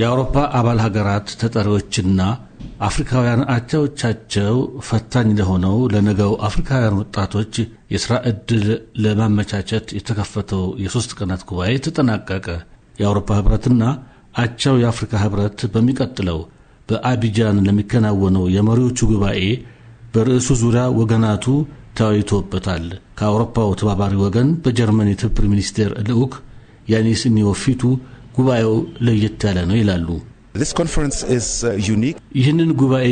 የአውሮፓ አባል ሀገራት ተጠሪዎችና አፍሪካውያን አቻዎቻቸው ፈታኝ ለሆነው ለነገው አፍሪካውያን ወጣቶች የሥራ ዕድል ለማመቻቸት የተከፈተው የሦስት ቀናት ጉባኤ ተጠናቀቀ። የአውሮፓ ኅብረትና አቻው የአፍሪካ ኅብረት በሚቀጥለው በአቢጃን ለሚከናወነው የመሪዎቹ ጉባኤ በርዕሱ ዙሪያ ወገናቱ ተወያይቶበታል። ከአውሮፓው ተባባሪ ወገን በጀርመን የትብብር ሚኒስቴር ልዑክ ያኒስ ኒዮፊቱ ጉባኤው ለየት ያለ ነው ይላሉ። uh, ይህንን ጉባኤ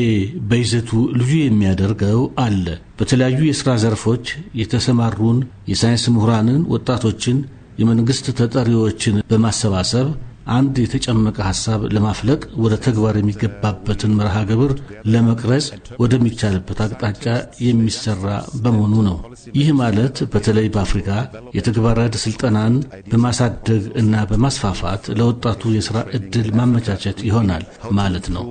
በይዘቱ ልዩ የሚያደርገው አለ። በተለያዩ የሥራ ዘርፎች የተሰማሩን የሳይንስ ምሁራንን፣ ወጣቶችን፣ የመንግሥት ተጠሪዎችን በማሰባሰብ አንድ የተጨመቀ ሀሳብ ለማፍለቅ ወደ ተግባር የሚገባበትን መርሃ ግብር ለመቅረጽ ወደሚቻልበት አቅጣጫ የሚሰራ በመሆኑ ነው። ይህ ማለት በተለይ በአፍሪካ የተግባራት ስልጠናን በማሳደግ እና በማስፋፋት ለወጣቱ የሥራ ዕድል ማመቻቸት ይሆናል ማለት ነው።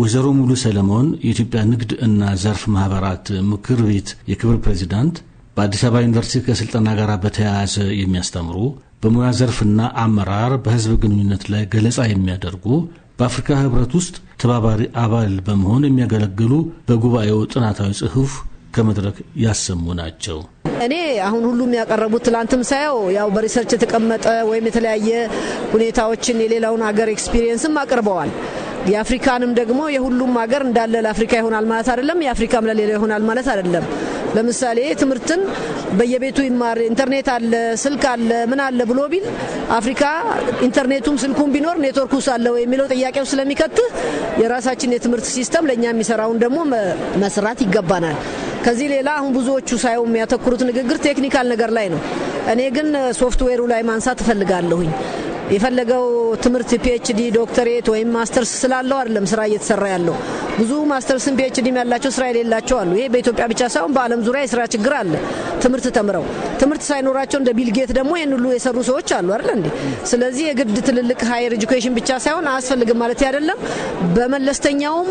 ወይዘሮ ሙሉ ሰለሞን የኢትዮጵያ ንግድ እና ዘርፍ ማኅበራት ምክር ቤት የክብር ፕሬዚዳንት በአዲስ አበባ ዩኒቨርሲቲ ከስልጠና ጋር በተያያዘ የሚያስተምሩ በሙያ ዘርፍና አመራር በህዝብ ግንኙነት ላይ ገለጻ የሚያደርጉ በአፍሪካ ህብረት ውስጥ ተባባሪ አባል በመሆን የሚያገለግሉ በጉባኤው ጥናታዊ ጽሁፍ ከመድረክ ያሰሙ ናቸው። እኔ አሁን ሁሉም ያቀረቡት ትላንትም ሳየው ያው በሪሰርች የተቀመጠ ወይም የተለያየ ሁኔታዎችን የሌላውን ሀገር ኤክስፒሪየንስም አቅርበዋል። የአፍሪካንም ደግሞ የሁሉም ሀገር እንዳለ ለአፍሪካ ይሆናል ማለት አይደለም፣ የአፍሪካም ለሌላ ይሆናል ማለት አይደለም። ለምሳሌ ትምህርትን በየቤቱ ይማር፣ ኢንተርኔት አለ፣ ስልክ አለ፣ ምን አለ ብሎ ቢል አፍሪካ ኢንተርኔቱም ስልኩም ቢኖር ኔትወርክ አለ ወይ የሚለው ጥያቄው ስለሚከትህ የራሳችን የትምህርት ሲስተም ለእኛ የሚሰራውን ደግሞ መስራት ይገባናል። ከዚህ ሌላ አሁን ብዙዎቹ ሳየው የሚያተኩሩት ንግግር ቴክኒካል ነገር ላይ ነው። እኔ ግን ሶፍትዌሩ ላይ ማንሳት እፈልጋለሁኝ። የፈለገው ትምህርት ፒኤችዲ፣ ዶክተሬት ወይም ማስተርስ ስላለው አይደለም ስራ እየተሰራ ያለው። ብዙ ማስተርስም ፒኤችዲ ያላቸው ስራ የሌላቸው አሉ። ይሄ በኢትዮጵያ ብቻ ሳይሆን በዓለም ዙሪያ የስራ ችግር አለ። ትምህርት ተምረው ትምህርት ሳይኖራቸው እንደ ቢልጌት ደግሞ ይህን ሁሉ የሰሩ ሰዎች አሉ አይደል እንዴ? ስለዚህ የግድ ትልልቅ ሀየር ኤጁኬሽን ብቻ ሳይሆን አያስፈልግም ማለት አይደለም። በመለስተኛውም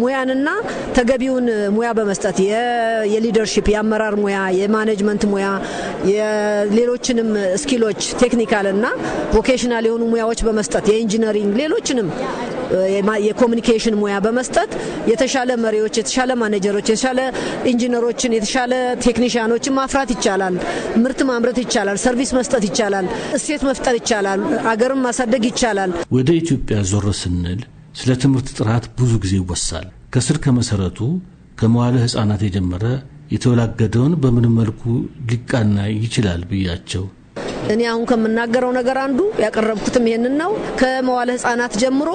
ሙያንና ተገቢውን ሙያ በመስጠት የሊደርሺፕ የአመራር ሙያ፣ የማኔጅመንት ሙያ፣ የሌሎችንም ስኪሎች ቴክኒካል እና ቮኬሽናል የሆኑ ሙያዎች በመስጠት የኢንጂነሪንግ፣ ሌሎችንም የኮሚኒኬሽን ሙያ በመስጠት የተሻለ መሪዎች፣ የተሻለ ማኔጀሮች፣ የተሻለ ኢንጂነሮችን፣ የተሻለ ቴክኒሽያኖችን ማፍራት ይቻላል። ምርት ማምረት ይቻላል። ሰርቪስ መስጠት ይቻላል። እሴት መፍጠር ይቻላል። አገርም ማሳደግ ይቻላል። ወደ ኢትዮጵያ ዞር ስንል ስለ ትምህርት ጥራት ብዙ ጊዜ ይወሳል። ከስር ከመሰረቱ ከመዋለ ሕፃናት የጀመረ የተወላገደውን በምን መልኩ ሊቃና ይችላል ብያቸው እኔ አሁን ከምናገረው ነገር አንዱ ያቀረብኩትም ይህንን ነው። ከመዋለ ህጻናት ጀምሮ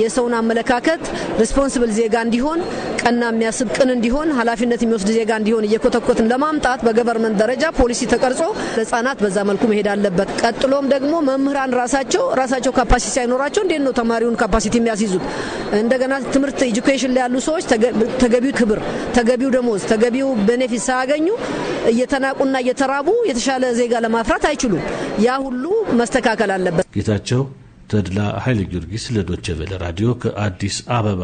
የሰውን አመለካከት ሪስፖንስብል ዜጋ እንዲሆን ቀና የሚያስብ ቅን እንዲሆን ኃላፊነት የሚወስድ ዜጋ እንዲሆን እየኮተኮትን ለማምጣት በገቨርመንት ደረጃ ፖሊሲ ተቀርጾ ለህጻናት በዛ መልኩ መሄድ አለበት። ቀጥሎም ደግሞ መምህራን ራሳቸው ራሳቸው ካፓሲቲ ሳይኖራቸው እንዴት ነው ተማሪውን ካፓሲቲ የሚያስይዙት? እንደገና ትምህርት ኤጁኬሽን ላይ ያሉ ሰዎች ተገቢው ክብር፣ ተገቢው ደሞዝ፣ ተገቢው ቤኔፊት ሳያገኙ እየተናቁና እየተራቡ የተሻለ ዜጋ ለማፍራት አይችሉም። ያ ሁሉ መስተካከል አለበት። ጌታቸው ተድላ ኃይለ ጊዮርጊስ ለዶቼ ቬለ ራዲዮ ከአዲስ አበባ